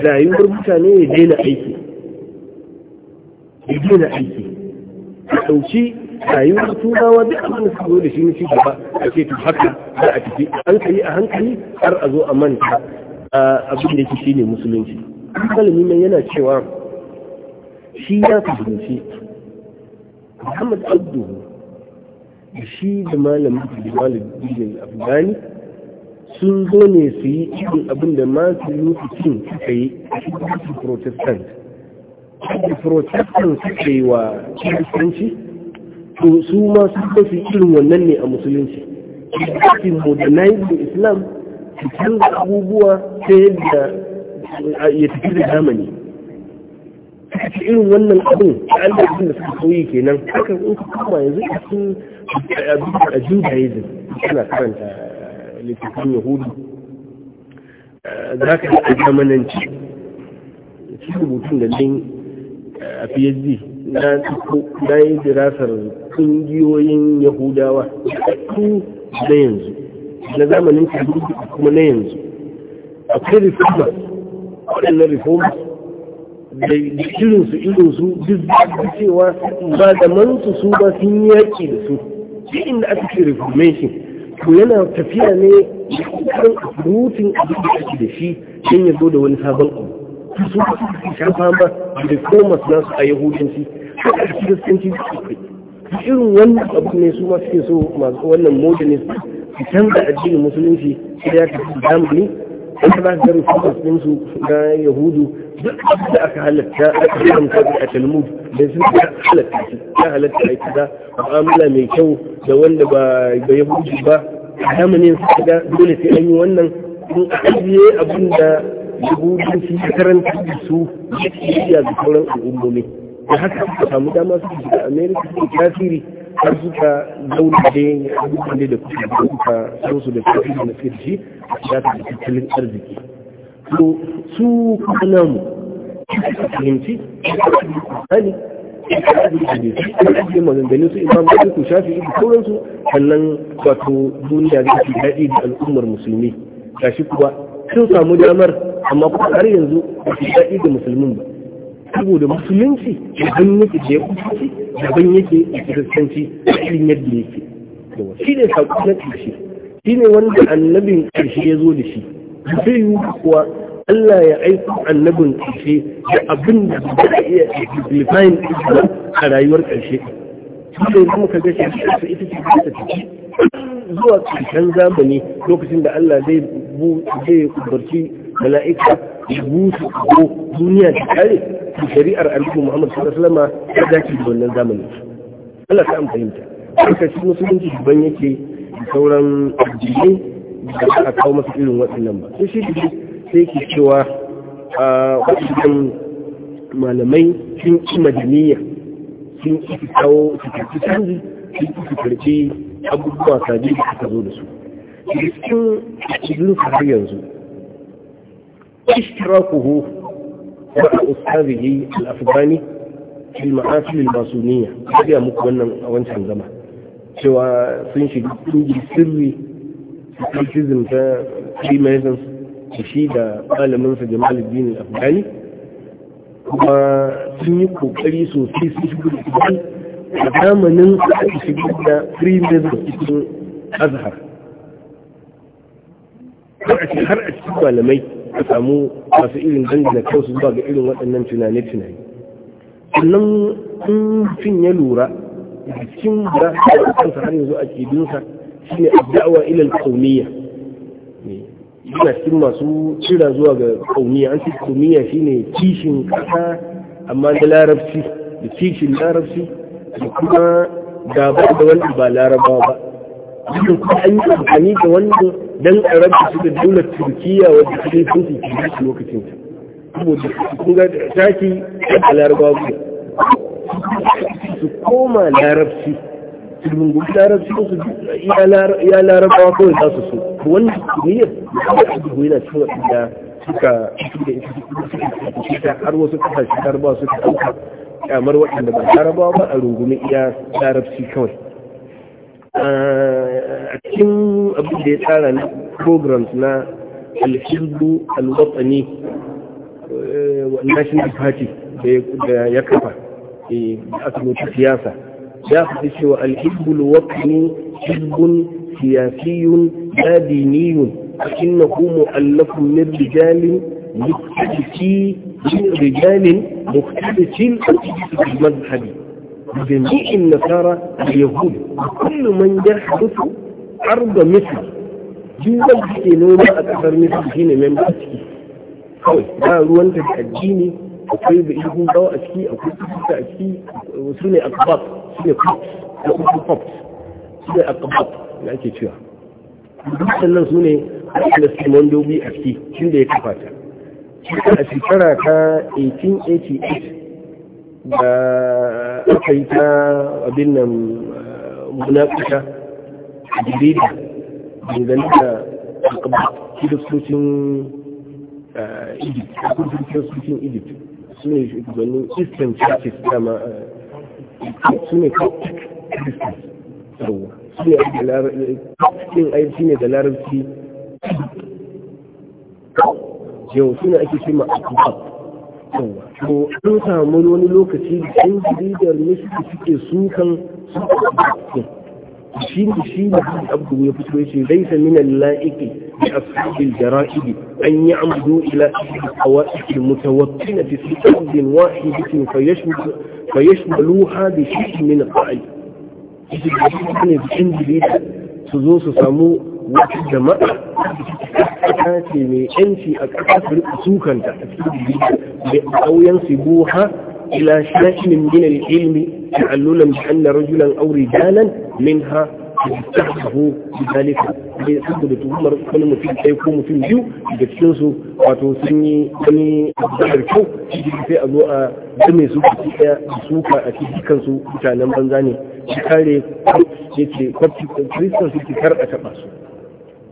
rayuwar mutane ya daina aiki ya daina aiki a ɗauki rayuwar turawa duk abin da zo da shi ne gaba a ce to haka har a tafi kai a hankali har a zo a manta abin da yake shi ne musulunci musulmi mai yana cewa shi ya fahimci Muhammad abdu da shi da malamin da malamin Afghani sun zo ne su yi irin abin da masu lokacin suka yi a cikin protestant da protestant suka yi wa kiristanci to su ma su kafi irin wannan ne a musulunci kafin modernizing islam su canza abubuwa ta yadda ya tafi da zamani suka irin wannan abin da albarkun da suka sauyi kenan haka in ka kama yanzu a cikin a judaism suna karanta littattafan yahudu za ka yi a zamananci cikin rubutun da nan a phd na yi dirasar ƙungiyoyin yahudawa su na yanzu na zamanin kuma na yanzu akwai reformers waɗannan reformers da irinsu irinsu duk da cewa ba da mantu su ba sun yi yaƙi da su shi inda aka ce reformation to yana tafiya ne da kusurin rutun abin da ake da shi don ya zo da wani sabon abu su sun ba su shafa ba da kuma nasu a yahudanci haka a kiristanci su kai irin wannan abu ne su ma ke so masu wannan modernist su canza addinin musulunci sai ya tafi zamani an ta ba su garin su su na yahudu duk da aka halatta aka a talmud da sun ta halatta shi ta halatta a kaza mu'amala mai kyau da wanda ba ba yahudu ba zamanin su ga dole sai an yi wannan a ajiye abin da dubu biyu yi karanta da su ya ga sauran al'ummomi da haka suka samu dama suka shiga america suka tasiri har suka zauna da abubuwan da kuka da kuka san su da tafi da nasir shi a shata da tattalin arziki to su kuma mu suka fahimci sani ku shafi ibi sauransu sannan wato duniya da ke daɗi da al'ummar musulmi gashi kuwa sun samu damar amma kuma har yanzu ba su daɗi da musulmin ba saboda musulunci daban yake da ya kusurci daban yake da kiristanci da irin yadda yake shi ne saƙo na ƙarshe shi ne wanda annabin ƙarshe ya zo da shi zai yi kuwa Allah ya aiko annabin ƙarshe da abin da ba a iya simplifying ɗin a rayuwar ƙarshe sai kuma ka ga shi ita ce ta tafi zuwa ƙarshen zamani lokacin da Allah zai zai ubarci mala'ika ya busu ko duniya da kare da shari'ar alifu muhammadu sallallahu alaihi wasallam ta dace da wannan zamani Allah ta amfahimta haka shi musulunci ban yake da sauran addinai da aka kawo masa irin waɗannan ba sai shi sai ke cewa a wajen malamai sun ci madaniya sun ci kawo su karfi canji sun ci karfi abubuwa sabi da aka zo da su cikin cikin har yanzu اشتراكه مع أستاذه الأفغاني في المعاصل الماسونية هذه مكونا وانشان زمان cewa sun shiga kungiyar sirri cultism ta freemasons da shi da malaminsa jamaluddin afghani kuma sun yi kokari sosai sun shigo da idan a zamanin azhar har a cikin malamai ka samu masu irin dangi kyau kansu zuwa ga irin waɗannan tunane-tunane sannan in fin ya lura cikin da kansa har yanzu a kidinsa shi ne ila ilal qawmiyya yana cikin masu cira zuwa ga ƙaumiyya? an ce shi ne kishin ƙasa, amma da larabci da kishin larabci da kuma gaba da wani ba larabawa ba duk kuma an yi amfani da wannan don a raba su da daular turkiya wadda su ne sun tuki a lokacin saboda kun ga taki a larabawa su koma larabci su gudu larabci su ya larabawa kawai za su so wannan niyyar da su gudu yana cin da suka da ita har wasu kasashe larabawa ta ɗauka kamar waɗanda ba larabawa ba a rungumi iya larabci kawai a cikin abin da ya tsara na programs na alhizbu alwatsani eh, national party da ya kafa eh, da asibiti siyasa ya fi cewa alhizbu alwatsani hizbun siyasiyun la diniyun innahu mu'allafun min rijalin mukhtalifi min rijalin mukhtalifi al-madhhabi جميع النصارى اليهود كل من يحدث عرض مصر جوال ke noma a ƙasar misir shine memba a ciki kawai ba ruwanta da addini akwai da ihun bawa a ciki akwai kusurta a ciki su ne akabat su ne su ne ake cewa sannan su ne dobi a ciki shi da ya kafa ta a shekara ta 1888 وحيث قبلنا مناقشة جديدة من ذلك قبل كيلو سلوتين إيجيبت أقول في كيلو سلوتين إيجيبت سمي يقولون إسلام شاكس كما سمي كوتك كريستيس هو سمي كوتكين أي سيني دلارسي جيو سمي أكي سمي أكبط to an samu wani lokaci da yan da rinsu suke sukan sukan shi ne shi ne abu ya fito ya ce laisa min al-la'iki asibin da jara'id an ya'mudu ila qawaid mutawaqqina fi sittin wahidatin fayashmil fayashmiluha bi shay'in min al da shi ne cikin jirida su zo su samu wata jama'a ƙasa ce mai yanci a ƙasa su sukanta a cikin jirgin da ƙauyen su buha ila shashin min ilmi ilmi ta'allulan da annar rajulan aw rijalan minha yastahdahu bi dalika da sanda da tuhumar wani mutum ɗaya ko mutum biyu da cikin su wato sun yi wani abubuwar kyau cikin sai a zo a zame su kuɗi ɗaya suka a cikin su mutanen banza ne shi kare yake kwafi kristan su ki karɓa taɓa su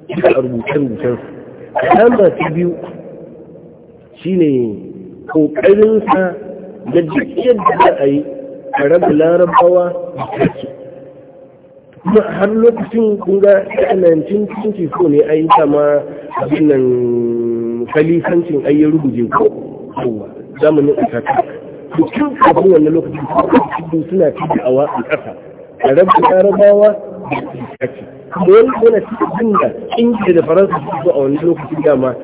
duka a rubuce-rubucen alama ta biyu ne ƙoƙarinsa da duk yadda za a yi a rabu larabawa kuma har lokacin kunga a 1924 ne yi kama abin nan kalifancin ayi rubuje ko kowa zamanin akaka dukkan kafin wannan lokacin suna fi awa a ƙasa a rabu larabawa da kake kuma wani yana cikin da ingila da faransa su zo a wani lokacin dama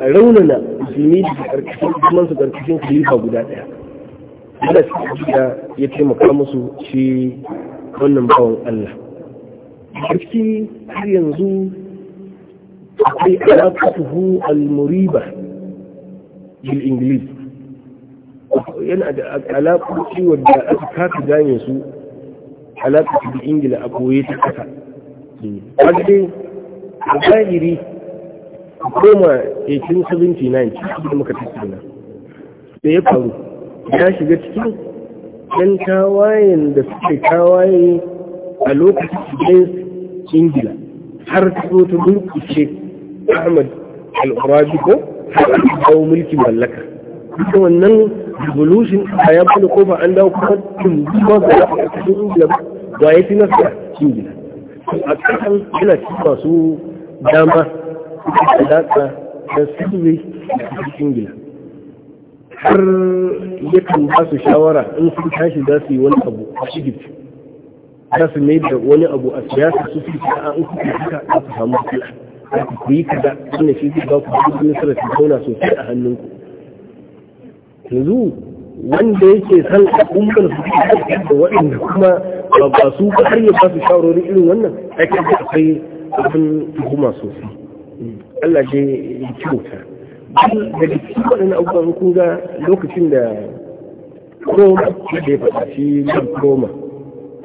a raunana musulmi da karkashin kuma su karkashin khalifa guda daya yana cikin da ya taimaka musu shi wannan bawan allah gaski har yanzu akwai alaƙatuhu al-muriba bil ingilis yana da alaƙoci wadda aka kaka gane su alaƙa da ingila a koye ta ƙasa wajen a koma 1879 cikin muka tattauna da ya faru ya shiga cikin ɗan tawayen da suke kawaye a lokacin james ingila har so ta mulki ahmad al'urabi ko har aka kawo mulkin mallaka duka wannan revolution a ya bada kofa an dawo kuma tumbuwa ga ƙasashen ingila ba ya fi nasara ingila a kasan yana cikin masu dama da daga da sirri a cikin gila har yakan ba su shawara in sun tashi za su yi wani abu a egypt za su mai da wani abu a siyasa su fi ta an kuka duka a su samu kula za ku kuyi kaza wannan shi zai ba ku duk nasarar ta zauna sosai a hannunku yanzu wanda yake san al'ummar su da waɗanda kuma ba su ba har ya ba su shawarwari irin wannan ake da akwai abin tuhuma sosai Allah ce ya kyauta da cikin waɗannan abubuwan kun ga lokacin da Roma da ya faɗa shi Lord Roma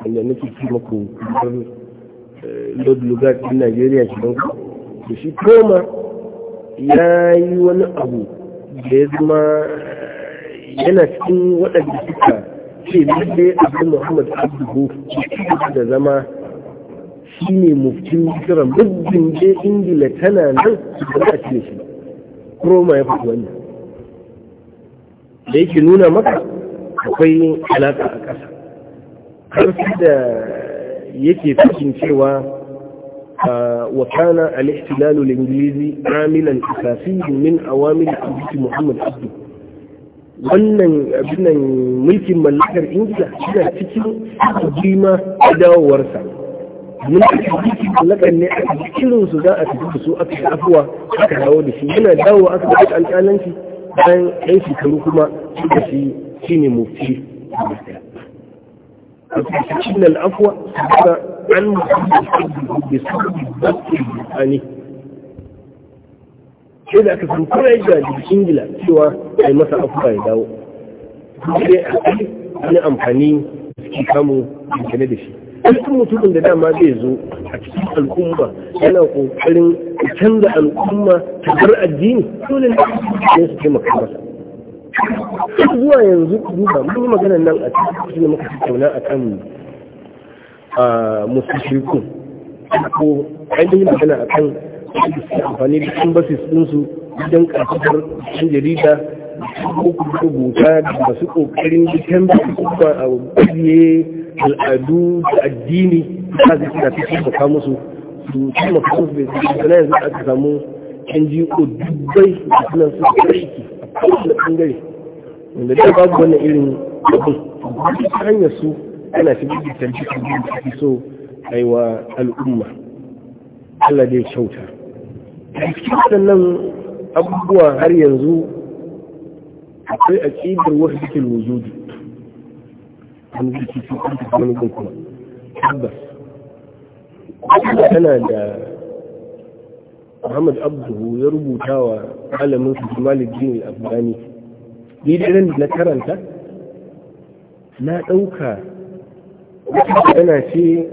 wanda nake ci maku kamar eh, Lord Lugard din Najeriya shi don da shi Roma ya yi wani abu da ya zama yana cikin waɗanda suka ce lalle abin muhammad abduhu da zama shi ne muftin misira muddin dai ingila tana nan su ba a cikin shi roma ya fi wannan da yake nuna maka akwai alaƙa a ƙasa ƙarfi da yake cikin cewa وكان الاحتلال ingilizi عاملا أساسيا من أوامر حديث محمد عبده wannan abinan mulkin mallakar ingila suna cikin jima a dawowarsa mulkin mallakar ne a cikin za a tafi su aka yi afuwa aka dawo da shi yana dawo aka da alƙalanci bayan ɗan shekaru kuma suka shi shine mufti cikin al'afuwa da an mutum da su da su da sai da aka sun kuma yadda jirgin ingila cewa a yi masa afuwa ya dawo sai a kai amfani da suke kamu dangane da shi dukkan mutumin da dama zai zo a cikin al'umma yana kokarin canza al'umma ta bar addini dole ne ne su taimaka masa zuwa yanzu duba mun yi nan a cikin da muka tattauna a kan ah, musulmi ko an magana a kan amfani da embassies ɗinsu don ƙarfafar ɗan jarida uku rubuta da masu ƙoƙarin bikin da suka a ƙarye al'adu da addini ta zai ta fi taimaka musu su kuma taimaka musu da su na yanzu aka samu ngo dubbai da suna su aiki a kowane ɓangare wanda da babu wannan irin abin ta hanyar su ana shigar da tantakin da ake so aiwa al'umma Allah dai kyauta cikin waɗannan abubuwa har yanzu akwai aƙidar wasu cikin wujudi wani zuci su tafi wani gun kuma tabbas tana da Muhammad Abduhu ya rubuta wa malamin su Malik Jini a ni da ran na karanta na ɗauka yana ce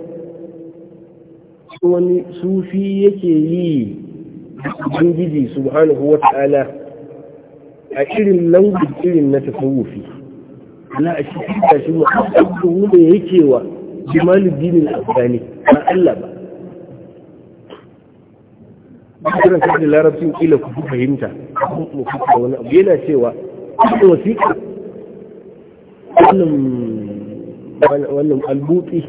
wani sufi yake yi ubangiji subhanahu wa ta'ala a irin language irin na tasawufi na a cikin da shi mu'azzabtuhu da yake wa jamaluddin al-afghani ba Allah ba kiran sai da larabcin kila ku fahimta mu fita wani abu yana cewa wannan wasiƙa wannan wannan albuti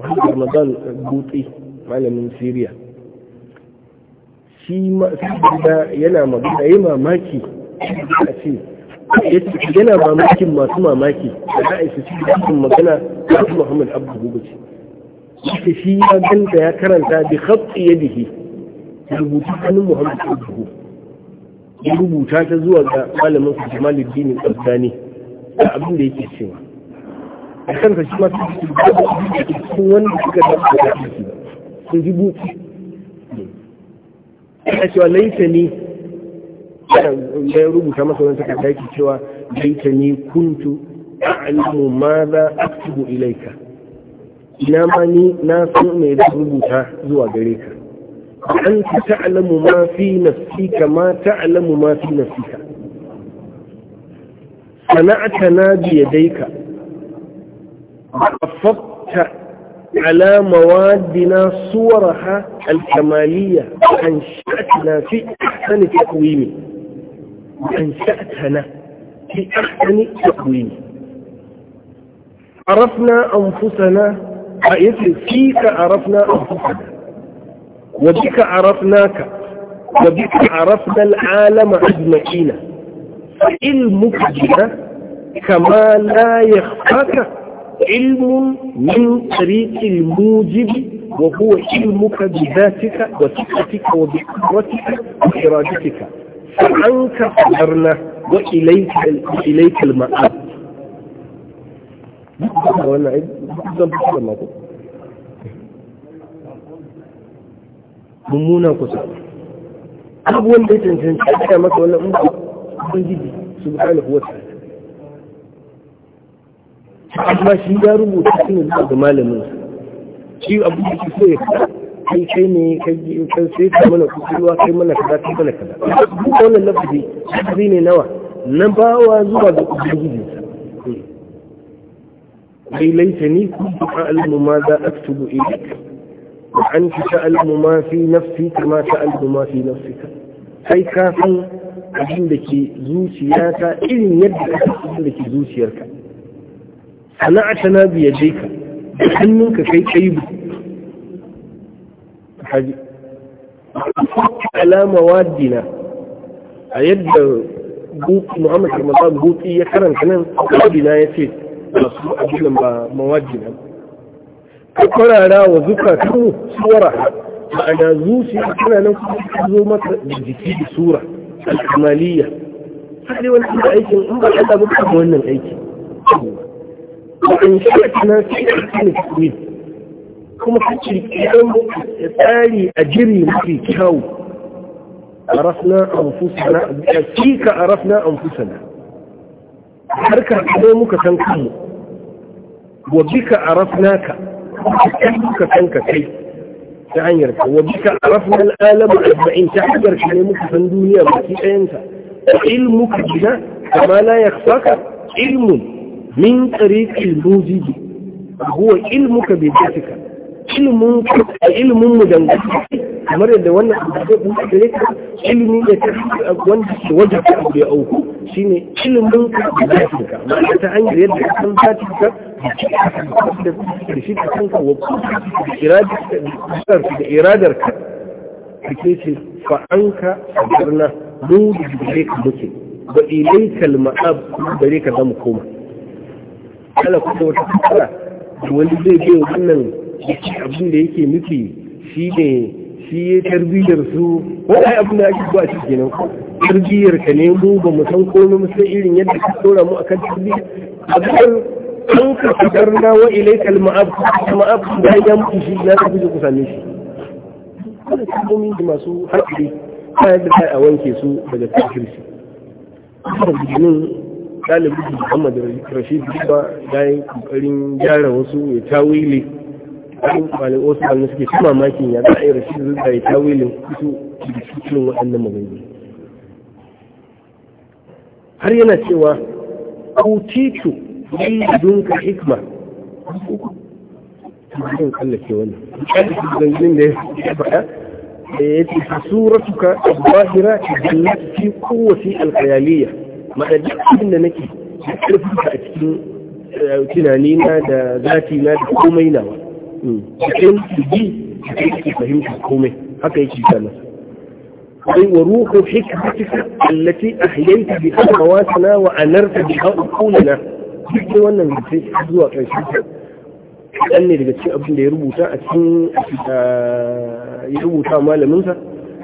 wannan Ramadan albuti malamin Syria shi ma yana magana yayi mamaki a ce yana mamakin masu mamaki da za a isa cikin da magana masu Muhammad abu Bugaci yake shi ya ganta ya karanta bi khatti yadihi rubutu hannun Muhammad Abdu ya rubuta ta zuwa ga malamin su Jamaluddin Al-Albani da abin da yake cewa a kansa shi ma su da cikin wanda suka da ba sun ji buci yana cewa laita ni da ya rubuta masa wani takarda yake cewa laita ni kuntu a'lamu ma za a aktubu ilaika ina ma ni na san me da rubuta zuwa gare ka an ta alamu ma fi nafsika ma alamu ma fi nafsika sana'ata na ba a wa على موادنا صورها الكمالية أنشأتنا في أحسن تقويم أنشأتنا في أحسن تقويم عرفنا أنفسنا فيك عرفنا أنفسنا وبك عرفناك وبك عرفنا العالم أجمعين فإلمك بنا كما لا يخفاك علم من طريق الموجب وهو علمك بذاتك وثقتك وبقدرتك وإرادتك فأنت قدرنا وإليك إليك المآب mummuna kusa amma shi ya rubuta shi ne ga malamin shi abu da so ya kada kai kai ne kai sai ka mana kusurwa kai mana kaza kai mana kaza duk wannan lafazi shi ne nawa na bawa zuwa ga ubangijinsa kai laita ni kuntu a'lamu ma za aktubu ilayka wa anta ta'lamu ma fi nafsi kama ta'lamu ma fi ka kai ka san abin da ke zuciyarka irin yadda ka san abin da ke zuciyarka sana'atana biyadika hannunka kai kaibu haji alama wadina a yadda muhammad ramadan gutsi ya karanta nan wadina ya ce masu abinan ba mawajina ka kwarara wa zukatun suwara ma'ana zuciya tana nan kuma zo mata da jiki da sura al-kamaliya sai wani aikin in ba ka da wannan aiki وإن كانت مناسية كان تكوين kuma kacin kiyan tsari a jiri mafi kyau a rafna amfusana a cika a rafna amfusana harkar ne muka san kanmu wa bika a rafna ka kan muka san ka kai ta hanyar ka wa bika a rafna al'alamu arba'in ta hanyar ka ne muka san duniya baki ɗayanta ilmuka gina kama la ya ilmun min tsariƙin mujiji huwa ilmuka bai jafika ilmin ilmin mu dangane kamar yadda wannan abu da gare ka ilmi ya ta wanda ke wajen ka abu ya auku shine ilmin ka da zafin ka ma'ana ta hanyar yadda ka san ta zafin ka da shi ka kanka wa da iradar ka da ke ce fa an ka a sabarna mu da gare ka muke ba ilai kalma'ab gare ka zamu koma kala kuma wata da wani zai bai wannan abin da yake nufi shi ne shi ya tarbiyyar su wani abin da ake ba shi kenan tarbiyyar ka ne mu ba mu san komai mu san irin yadda ka tsora mu akan tarbiyyar abin an ka fitar na wa ilaika al-ma'ab ma'ab da ya mutu shi na ka fije kusa ne shi kada kalmomin da masu haƙuri ta yadda ta a wanke su daga kafirci. shi ɗalibin muhammad rashid ba ya yi ƙoƙarin gyara wasu ya tawili ɗan malin wasu ɗan suke su mamakin ya za a yi rashid zuba ya tawilin kusu da cikin waɗannan magani har yana cewa autitu dunka hikma zan tsallake wannan ƙarfi zanzin da ya faɗa da ya ce suratuka ratuka zahira ta jannati fi kowace al ma'ana duk abin da nake ƙarfin a cikin tunani na da zati na da komai nawa da ɗin su bi da ɗin su fahimta komai haka yake ta masa sai wa ruhu hikmatika allati ahyayta bi amwatina wa anarta bi aqulina duk wannan zai zuwa ƙarshen kaɗan ne daga cikin abin da ya rubuta a cikin ya rubuta malaminsa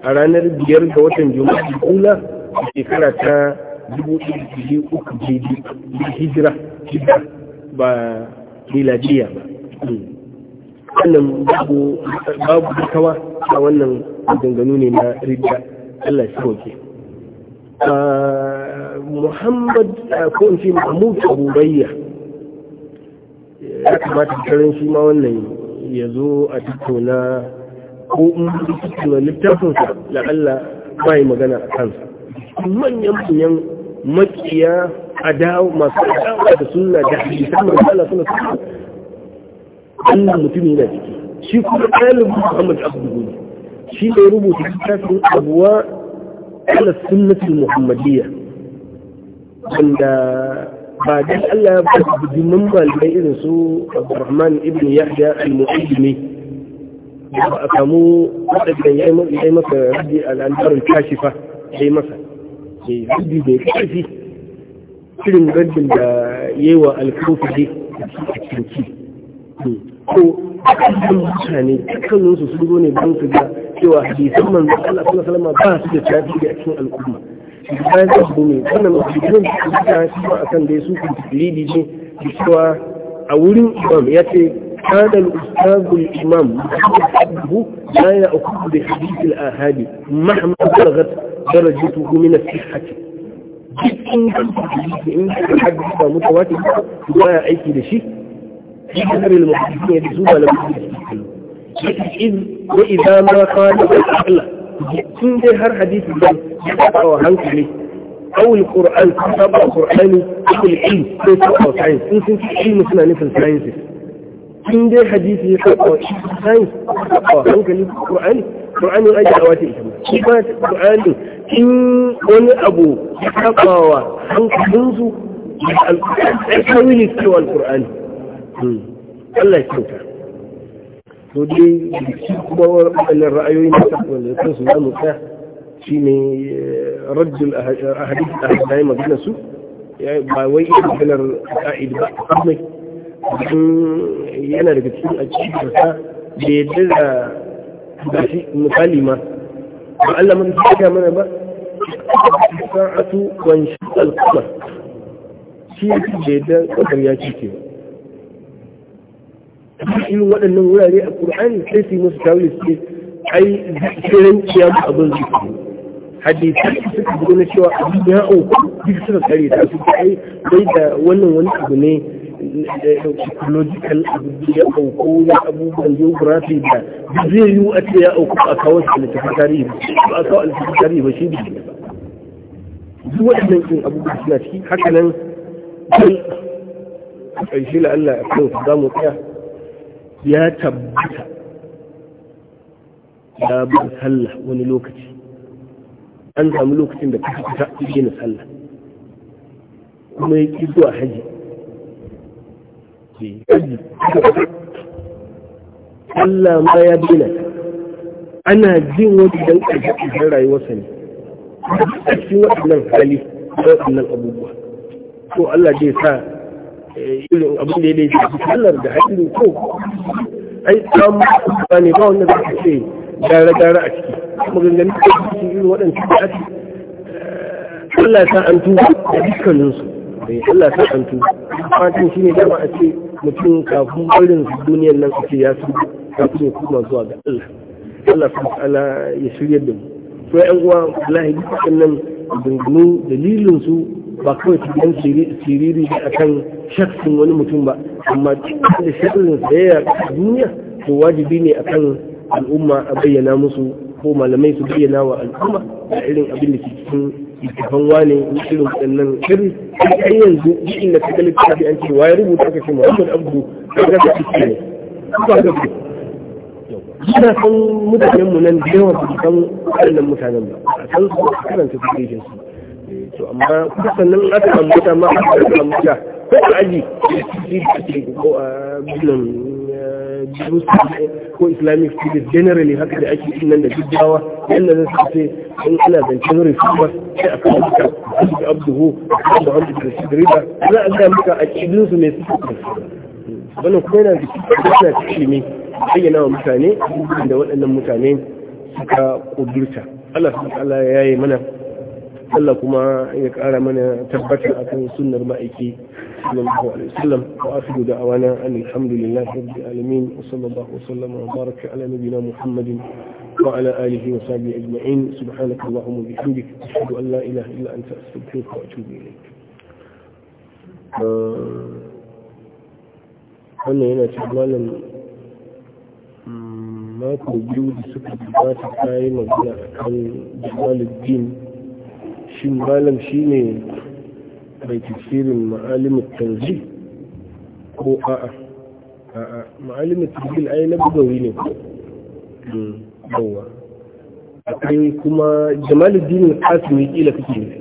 a ranar biyar ga watan juma'a kula a shekara ta dubu ɗaya uku daidai da hijira hijira ba miladiya ba wannan babu kawa a wannan ganganu ne na ridda Allah ya sauke Muhammad ko in ce Mahmud Abu Bayya ya kamata karin shi ma wannan ya zo a tattauna ko in tattauna littafinsa Allah ba yi magana a kansa manyan manyan makiya dawo masu adawa da suna da hadisan manzala suna suna wannan mutum yana ciki shi kuma ɗalibin muhammad abdu shi ne rubuta littafin abuwa ala sunnatul muhammadiyya wanda ba dan Allah ya ba bijimin malamai irin su Abdurrahman ibn Yahya al-Mu'ayyimi ba a samu waɗanda ya yi masa rabi al'antarin kashifa ya yi masa ke eh, rabbi da ƙarfi irin rabbin da ya yi wa alkofi a kirki hmm. ko kan mutane su sun zo ne don su ga cewa hadisan manzo Allah sallallahu ba su da tafi da cikin al'umma ya yi su ne wannan mutum da ya shi ma akan da su kun cikin cewa a wurin imam ya ce كان الأستاذ الإمام حبه لا يأخذ بحديث الآهاد مهما بلغت درجته من الصحة جدا إن حديث متواتر لا أيكي لشيء في قدر المحدثين يدسوها لم إذ وإذا ما خالف العقل جدا هر حديث يقطع وهنكلي أو القرآن تتبع قرآني أو العلم تتبع ساينس إن سنتي علم سنة نفس ساينسز in dai hadisi ya saba shi sai a hankali qur'ani qur'ani ai da wata ita shi ba qur'ani in wani abu ya saba wa hankalin su ai cewa qur'ani hmm. Allah ya to dai shi kuma wannan ra'ayoyin da su zamu tsaya shine eh, rajul ahadith ahadai magana su ba wai maganar ka'id ba yana daga cikin a cikin da yadda da gashi misali ma ba Allah mun tsaka mana ba sa'atu wan shaqal qamar shi da yadda kadar ya ci ke irin waɗannan wurare a Qur'ani sai su yi musu tawili su ce ai kiran kiyama abin zuciya hadisai suka gudu na cewa abin ya auku duk suka kare ta su ai dai da wannan wani abu ne logical ya auku na abubuwan geography da zai yi a ce ya auku a kawo su littafin tarihi ba a kawo littafin tarihi ba shi ne ba duk waɗannan in abubuwa suna ciki haka nan don ƙarshe la Allah a kan za mu tsaya ya tabbata ya ba sallah wani lokaci an samu lokacin da kuka kusa ya na sallah kuma ya ƙi zuwa hajji ne Allah ma ya bina ana jin wani dan ƙarfi cikin rayuwarsa ne a cikin waɗannan hali waɗannan abubuwa ko Allah zai sa eh, irin abin da ya dace a sallar da haɗin ko ai samu ba ne ba wanda za ka ce gara-gara a ciki gangan da ya cikin irin waɗansu da ake eh, Allah sa an tuba da dukkaninsu eh, Allah sa an tuba fatan shi ne dama a ce mutum kafin barin duniyar nan ake ya su kafin ya kuma zuwa ga Allah Allah subhanahu ala ya shirya da mu to yan uwa wallahi dukkan nan dungunu dalilin su ba kawai cikin siriri a kan shakkin wani mutum ba amma da shirin tsayayya a duniya to wajibi ne a kan al'umma a bayyana musu ko malamai su bayyana wa al'umma da irin abin da ke cikin littafan wane irin sannan irin har yanzu jikin da kaga littafi an ce rubuta ka ce muhammad abdu kaga ka ce ne ba ga ku ina san mutanen mu nan da yawa su san wannan mutanen ba a san su karanta su eh, to amma kusan nan aka ambata ma aka ambata ko a aji ko eh, eh, islamic studies generally haka da ake nan da jujjawa yadda zai su ce in ana zancen rikuwa sai a kan duka abu abduhu a da hamdu da su riba za a gaya maka a cikin su ne suka wannan kuma yana da cikin bayyana wa mutane da waɗannan mutane suka kudurta Allah ya yi mana Allah kuma ya ƙara mana tabbatar akan sunnar ma'aiki صلى الله عليه وسلم وآخر دعوانا أن الحمد لله رب العالمين وصلى الله وسلم وبارك على نبينا محمد وعلى آله وصحبه أجمعين سبحانك اللهم وبحمدك أشهد أن لا إله إلا أنت أستغفرك وأتوب إليك wannan yana cikin malam mako biyu da suka gabata ta yi magana a kan jamaluddin shin malam shi ne mai tafsirin ma'alimin tanzi ko a'a a'a ma'alimin tanzil ai na bugawi ne hmm, yawa akwai kuma jamaluddin kasimi kila kake ne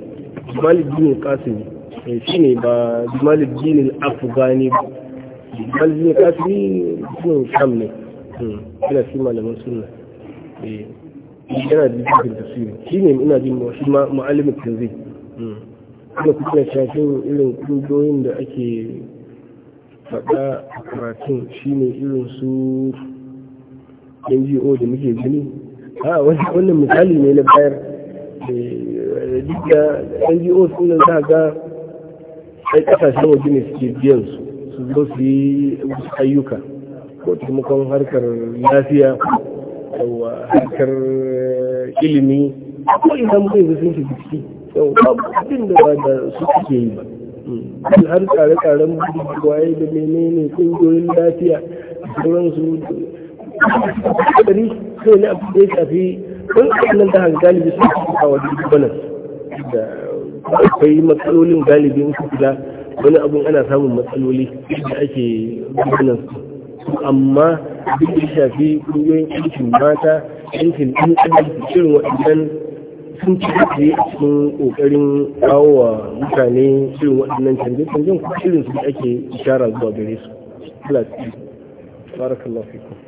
jamaluddin kasimi eh, shi ne ba jamaluddin afghani ba jamaluddin kasimi sunan sham ne hmm, yana fi malaman suna eh, yana da jikin tasiri shi ne ina jin ma'alimin tanzi hmm. da suka shafin irin kungiyoyin da ake faɗa a karatun shine irin su ngo da muke gani a wannan misali ne na bayar eh, da da ngo sun nan za ga sai kasashen waje ne suke biyan su su zo su yi ayyuka ko taimakon harkar lafiya ko harkar eh, ilimi ko ina mutum sun ke ciki yau babu abin da ba da su suke yi ba har tsare-tsaren waye da menene kungiyoyin lafiya sauransu ɗari sai na abu da ya shafi wani nan da galibi sun fi a wajen da akwai matsalolin galibi gida, wani abun ana samun matsaloli da ake dubanan su amma duk da shafi kungiyoyin aikin mata yankin ɗin ɗin irin waɗannan sun ci ne a cikin ƙoƙarin kawo wa mutane irin waɗannan canje canjen kuma irin su ake ishara zuwa gare su. Allah ya barakallahu fikum.